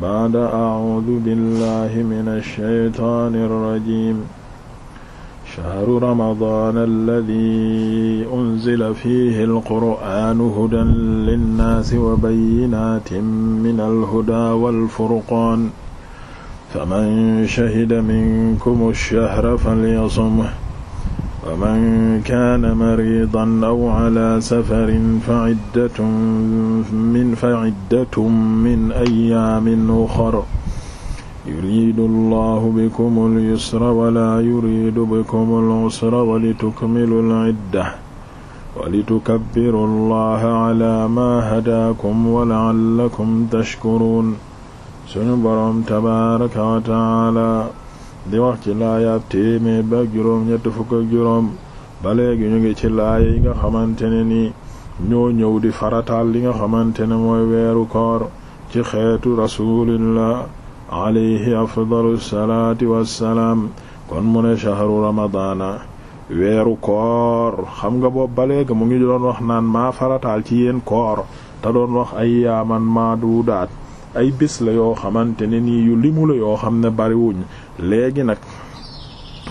baada acuudu billahi min alshaytaani alrajim shahru ramadaan alladi unzila fihi alqur'aanu hudan linnaasi wa bayyinaatin min alhudaa walfurqaan faman shahida minkum alshahra falyasumhu wa man kaana maridan aw ala safarin fa iddatun min fa iddatun min ayyaamin uxar yuridu allahu bikum alyusra wala yuridu bikum alusra walitukmilu alidda walitukabbiru allaha ala maa hadaakum wa la'allakum tashkuruun sunu boroom tabaaraka wa ta'aala di wax ci laayaab téeméer ba fukk juróom ba léegi ñu ngi ci laaya yi nga xamante ne nii ñoo ñëw di farataal li nga xamante ne mooy weeru koor ci xeetu rasulillah alayhi afdalu salaati wassalaam kon mu ne shahru ramadaana weeru koor xam nga boobu ba léegi mu ngi doon wax naan maa farataal ci yéen koor te doon wax ayyaaman maadudaat ay bés la yoo xamante ne nii yu limu la yoo xam ne bariwuñ léegi nag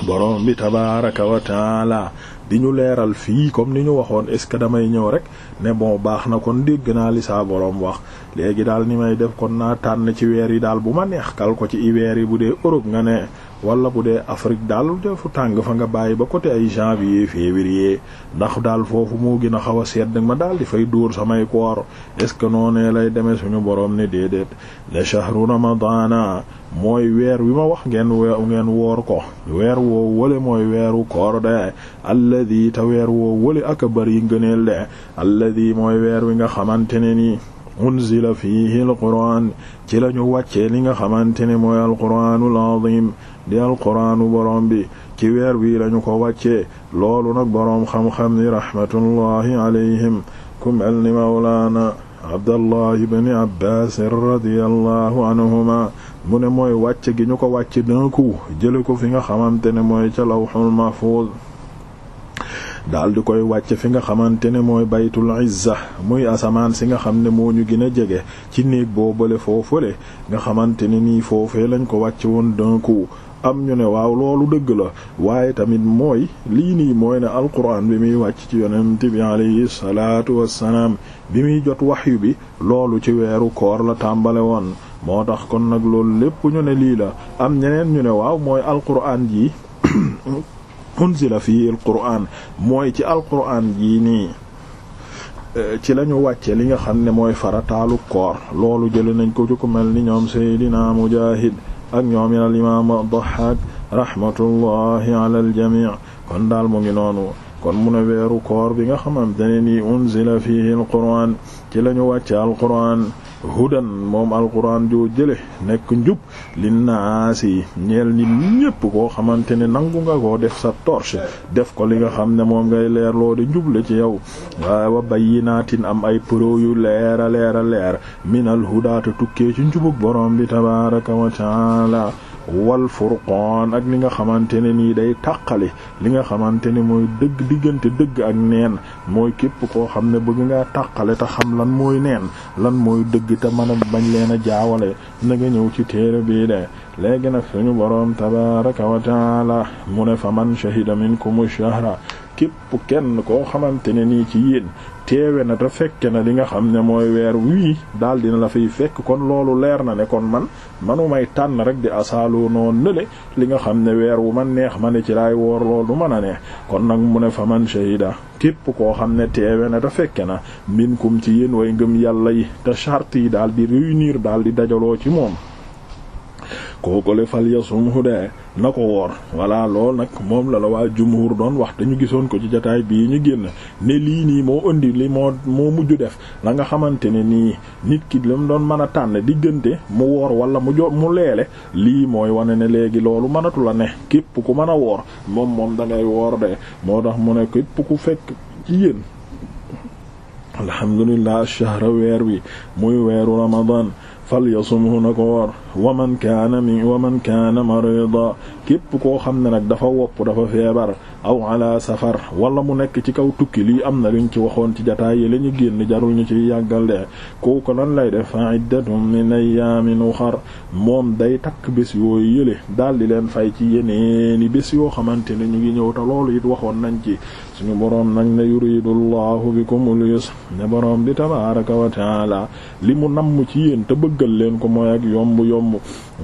borom bi tabaaraka wa taala di ñu leeral fii comme ni ñu waxoon est ce que damay ñëw rek ne bon baax na kon dégg naa li saa borom wax léegi daal ni may def kon naa tànn ci weer yi daal bu ma neex kal ko ci hiver yi bu dee Europe nga ne. wala bu dee Afrique daal te fu tàng fa nga bàyyi ba côté ay janvier février ndax daal foofu moo gën a xaw a sedd ma daal di fay duur samay koor est ce que noonee lay demee suñu borom ne déedéet le shahru ramadana mooy weer wi ma wax ngeen we ngeen woor ko weer woo wale mooy weeru koor de alladi te weer woo wale ak a bari ngëneel de alladi mooy weer wi nga xamante ne nii unzila fiihi alquraan ci lañu wàccee li nga xamante ne mooy alquraanul azim di alquraanu borom bi ci weer wi lañu ko wàccee loolu nag borom xam-xam ni rahmatullahi alayhim ku mel ni mawlaana abdallah ibni abbaas radiyallahu anhuma mu ne mooy wàcce gi ñu ko wàcce d'un coup jële ko fi nga xamante ne mooy ca lawhul mahfuuz daal di koy wàcc fi nga xamante ne mooy baytul izza muy asamaan si nga xam ne moo ñu gën a jege ci néeg boobale foofale nga xamante ne nii foofee lañ ko wàcce woon d'un am ñu ne waaw loolu dëgg la waaye tamit mooy lii nii mooy ne alquran bi muy wàcc ci yonent bi alayhi salaatu wassalaam bi muy jot waxyu bi loolu ci weeru koor la tàmbale woon moo tax kon nag loolu lépp ñu ne lii la am ñeneen ñu ne waaw mooy alquran ji unzila fii alquran mooy ci alquran jii nii eh, ci lañu wàcce li nga xam ne mooy farataalu koor loolu jële nañ ko ci ku ni ñoom seydina mujaahid ak ñoom al imaam ad-Dahhaak rahmatullahi ala al kon daal mu ngi noonu kon mu ne weeru koor bi nga xamante ne nii unzila fiihi alquran ci lañu wàcce alquran hudan moom alquran joo jële nekk njub linnaasi ñeel nit ñépp koo xamante ne nangu nga koo def sa torche def ko li nga xam ne moom ngay leer loo di njuble ci yow waaye wa bayyinaatin am ay pro yu leer a leer a leer minal hudaata tukkee ci njubug borom bi tabaraka wa wal furqaan ak li nga xamante ne nii day tàqale li nga xamante ne mooy dëgg diggante dëgg ak neen mooy képp koo xam ne bëgg nga tàqale te xam lan mooy neen lan mooy dëgg te mën a bañ leen a jaawale na nga ñëw ci téere bii de léegi nag suñu boroom tabaraka wa taala mu ne fa man min shahida minkum shahra képp kenn koo xamante ne nii ci yéen teewe na te fekke na li nga xam ne mooy weer wii daal na la fay fekk kon loolu leer na ne kon man manu may tànn rek di asaaloo noonu nële li nga xam ne weer wu ma neex ma ne ci laay woor loolu mën a neex kon nag mu ne fa man shahida képp koo xam ne teewe na te fekke na mbinkum ci yéen way ngëm yàlla yi te charte yi daal di réunir daal di dajaloo ci moom kookale fal yasumhu de na ko woor voilà lool nag moom la la waa jumhur doon wax dañu gisoon ko ci jataay bii ñu génn ne lii nii moo indi li moo moo mujj def la nga xamante ne nii nit ki lam doon mën a tànn diggante mu woor wala mu jo mu leele lii mooy wane na léegi loolu mënatu la ne képp ku mën a woor moom moom da woor de moo tax mu ne képp ku fekk ci yéen alhamdulillah shahra weer wi muy weeru ramadan falyasumhu na ko woor wa man kaana mi wa man koo xam ne nag dafa wopp dafa feebar aw ala safar wala mu nekk ci kaw tukki lii am na lu luñ ci waxoon ci jataay yi la ñu génn jarul ñu ci yàggal de kooku lan lay def iddatun min ayyamin ukhar moom day takk bés yooyu yële daal di leen fay ci yeneeni bés yoo xamante ne ñu ngi ñëw te loolu it waxoon nañ ci suñu boroom nag ne yuridu llahu bikumul yusr ne boroom bi tabaraka wa taala li mu namm ci yéen te bëggal leen ko mooy ak yomb yomb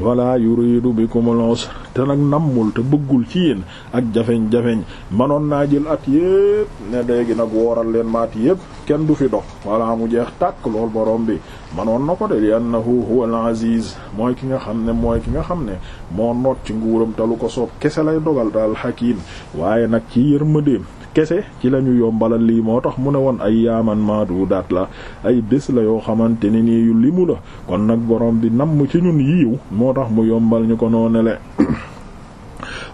wala yuridu bikumul usr te nag nammul te bëggul ci yéen ak jafeñ-jafeñ manoon naa jël at yépp ne léegi nag wooral leen ma at yépp kenn du fi dox walla mu jeex tàkk lool borom bi manoon na ko de li annahu huwal aziz mooy ki nga xam ne mooy ki nga xam ne moo noot ci nguuram te lu ko soob kese lay dogal daal hakim waaye nag ci yërmandeem kese ci la ñu yombalal lii moo tax mu ne woon ay yaaman daat la ay bés la yoo xamante ne nii li mu la kon nag borom bi namm ci ñun yiw moo tax mu yombal ñu ko noonale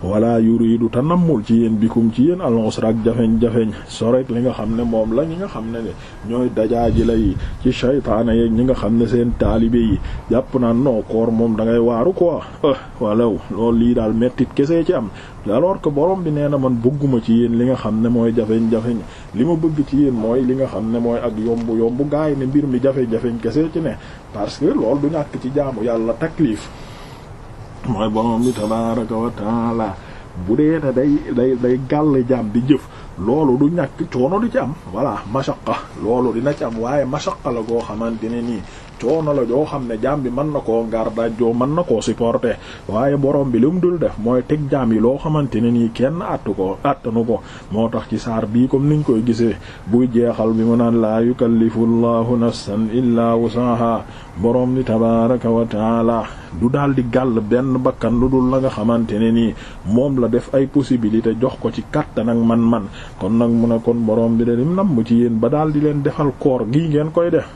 wala yuridu te nammul ci yéen bikum ci yéen al-usra jafeñ-jafeñ sorek li nga xam ne moom la ñi nga xam ne ne ñooy dajaaji lay ci shaytaana yeeg ñi nga xam ne seen taalibe yi jàpp naa noo moom dangay ngay waaru quoi walaw loolu lii daal mettit kese ci am alors que borom bi nee na man bëgguma ci yéen li nga xam ne mooy jafeñ-jafeñ li ma bëgg ci yéen mooy li nga xam ne mooy ak yombu yombu gaay ne mbir mi jafe-jafeñ kese ci ne parce que loolu du ñàkk ci jaamu yàlla taklif mooy borom bi tabaraka wa taala bu dee ne day day day gàll jaam di jëf loolu du ñàkk coono du ci am voilà mashaqa loolu dina ci am waaye mashaqa la goo xamante ne nii coono la joo xam ne jaam bi mën na koo ngaar daajjoo mën na koo supporter waaye borom bi li mu dul def mooy teg jaam yi loo xamante ne nii kenn attu ko attanu ko moo tax ci saar bii comme niñ koy gisee buy jeexal bi mu naan laa yukallifu llahu nafsan illaa wusaha borom bi tabaraka wa taala du daal di gàll benn bakkan lu dul la nga xamante ne nii moom la def ay possibilité jox ko ci kattan ak man-man kon nag mu ne kon borom bi de lim nam mu ci yéen ba daal di leen defal koor gi ngeen koy def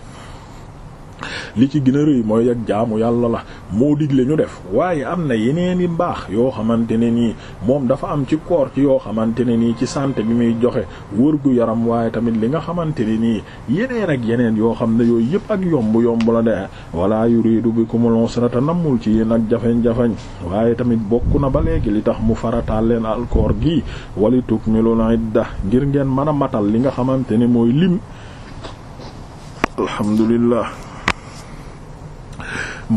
li ci gën a mooy ak jaamu yàlla la moo digle ñu def waaye am na yeneen i mbaax yoo xamante ne nii moom dafa am ci koor ci yoo xamante ne nii ci santé bi muy joxe wër gu yaram waaye tamit li nga xamante ne nii yeneen ak yeneen yoo xam ne yooyu yëpp ak yomb yomb la de wala yuridu bikumul usrata namul ci yéen ak jafeñ-jafeñ waaye tamit bokk na ba léegi li tax mu farataal leen alkoor gi wali tukmilul idda ngir ngeen mën a matal li nga xamante ne mooy lim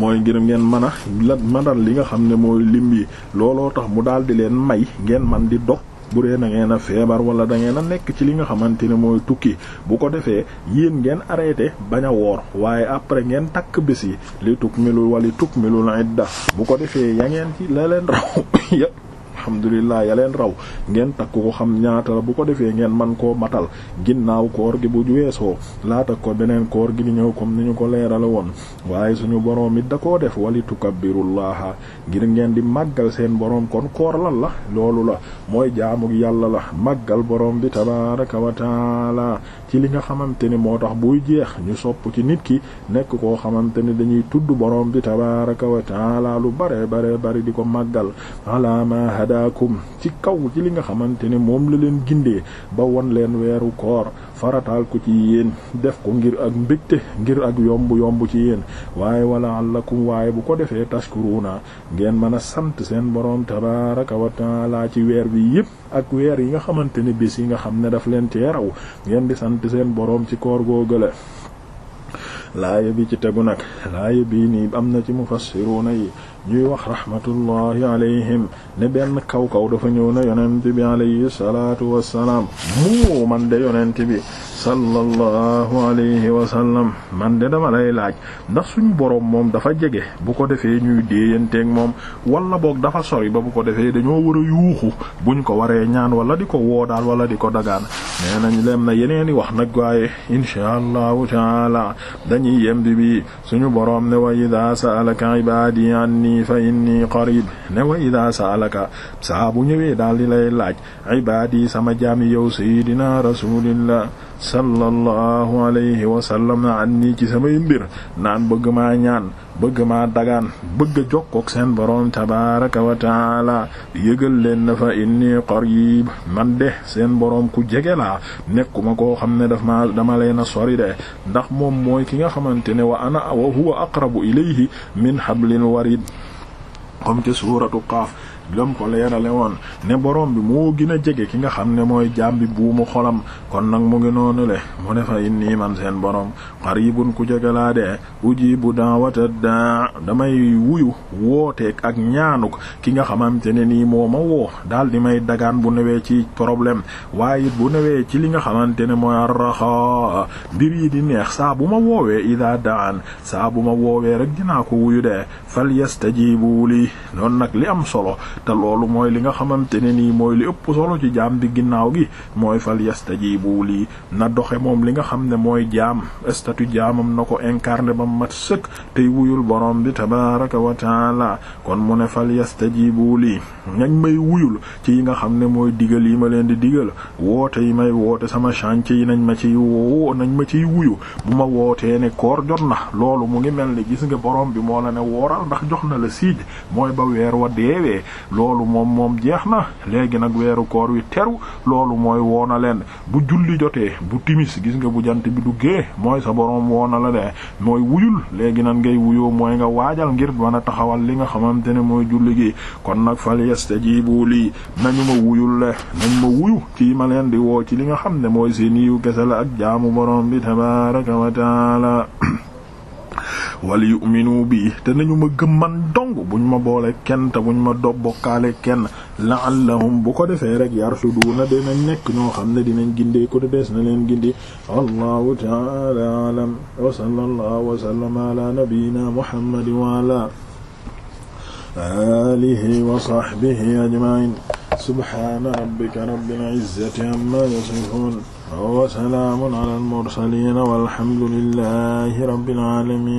mooy ngir ngeen mën a la manal li nga xam ne mooy lim yi looloo tax mu daal di leen may ngeen man di dox bu dee da ngeen a feebar wala da ngeen a nekk ci li nga xamante ne mooy tukki bu ko defee yéen ngeen arrêté bañ a woor waaye après ngeen takk bés yi li tukmilu wala la idda bu ko defee ya ngeen ci la leen raw alhamdulilah ya leen raw ngeen takk ko xam ñaata la bu ko defee ngeen man koo matal ginnaaw koor gi bu weesoo laata ko beneen koor gi di ñëw comme nañu ñu ko leerala woon waaye suñu boroom it da koo def wali tukabbirullaha ngir ngeen di màggal seen boroom kon koor lan la loolu la mooy jaamu yàlla la màggal boroom bi tabaraka wa taala ci li nga xamante ni moo tax buy jeex ñu sopp ci nit ki nekk koo xamante ni dañuy tudd boroom bi tabaraka wa taala lu bare bare bari di ko màggal hadaakum ci kaw ci li nga xamante ne moom la leen gindee ba won leen weeru koor faratal ko ci yéen def ko ngir ak mbégte ngir ak yomb yomb ci yéen waaye wala allakum waaye bu ko defee tashkuruna ngeen mën a sant seen boroom tabaraka wa taala ci weer bi yépp ak weer yi nga xamante ne bés yi nga xam ne daf leen cee raw ngeen di sant seen boroom ci koor googale laaya bi ci tegu nag laaya bii nii am na ci mufassiruna yi ñuy wax rahmatullahi alayhim ne benn kaw kaw dafa ñëw na yonent bi alayhi salaatu wassalaam mu man de yonent bi sallallahu alayhi wa sallam man de dama lay laaj ndax suñu boroom moom dafa jege bu ko defee ñuy déeyanteeg moom wala boog dafa sori ba bu ko defee dañoo war a yuuxu buñ ko waree ñaan wala di ko woo daal wala di ko dagaan nee nañ lem na yeneeni wax nag waaye insha allahu taala dañuy yem bi bi suñu boroom ne wa ida saalaka ibadi anni fa inni qarib ne wa ida saalaka bu ñëwee daal di lay laaj ibadi sama jaami yow sayidina rasulillah sallallahu alayhi wa sallam nii ci samay mbir naan bëgg ma ñaan bëgg ma dagaan bëgg a jokkook seen boroom tabaraka wa taala yëgal leen na fa inni qarib man de seen boroom ku jege laa nekkuma koo xam ne daf ma dama leen a sori ndax moom mooy ki nga xamante ne wa ana wa huwa aqrabu ilayhi min hablil warid lëm ko leerale woon ne borom bi moo gin a jege ki nga xam ne mooy jaam bi buumu xolam kon nag mu ngi noonu le mu ne fa inni man seen borom qaribun ku jege laa de ujibu daawata daa damay wuyu wooteek ak ñaanuk ki nga xamante ne nii moo ma woo daal di may dagaan bu newee ci problème waaye bu newee ci li nga xamante ne mooy arraxa mbir yi di neex saa bu ma woowee ida daan saa bu ma woowee rek dinaa ko wuyu de fal yastajibu li noonu nag li am solo te loolu mooy li nga xamante ne nii mooy li ëpp solo ci jaam bi ginnaaw gi mooy fal yastajibu lii na doxe moom li nga xam ne mooy jaam statu jaamam na ko incarné ba mu mat sëkk tey wuyul borom bi tabaraka wa taala kon mu ne fal yastajibu lii nañ may wuyul ci yi nga xam ne mooy digal yi ma leen di digal woote yi may woote sama chantier yi nañ ma ciy woo nañ ma ciy wuyu bu ma wootee ne koor jot na loolu mu ngi mel ne gis nga borom bi moo la ne wooral ndax jox na la siij mooy ba weer wa loolu moom moom jeex na léegi nag weeru koor wi teru loolu mooy woona leen bu julli jotee bu timis gis nga bu jant bi duggee mooy sa boroom woona la de mooy wuyul léegi nan ngay wuyoo mooy nga waajal ngir mën a taxawal li nga xamante ne mooy julli gi kon nag fal yastajibu lii nañu ma wuyul le nañu ma wuyu ci ma leen di woo ci li nga xam ne mooy seen yiw kese la ak jaamu boroom bi tabaraka wa taala wal yu'minu bi te nañu ma gëm man dong buñ ma boole kenn te buñ ma do bokkaale kenn la'allahum bu ko defee rek yarshuduuna dinañ nekk ñoo xam ne dinañ gindee ko te des na leen gindi allahu ta'ala a'lam wa sallallahu wa sallama ala nabiyyina muhammadin wa ala alihi wa sahbihi ajma'in subhana rabbika rabbil izzati amma yasifun wa salaamun ala al mursalin walhamdulillahi rabbil alamin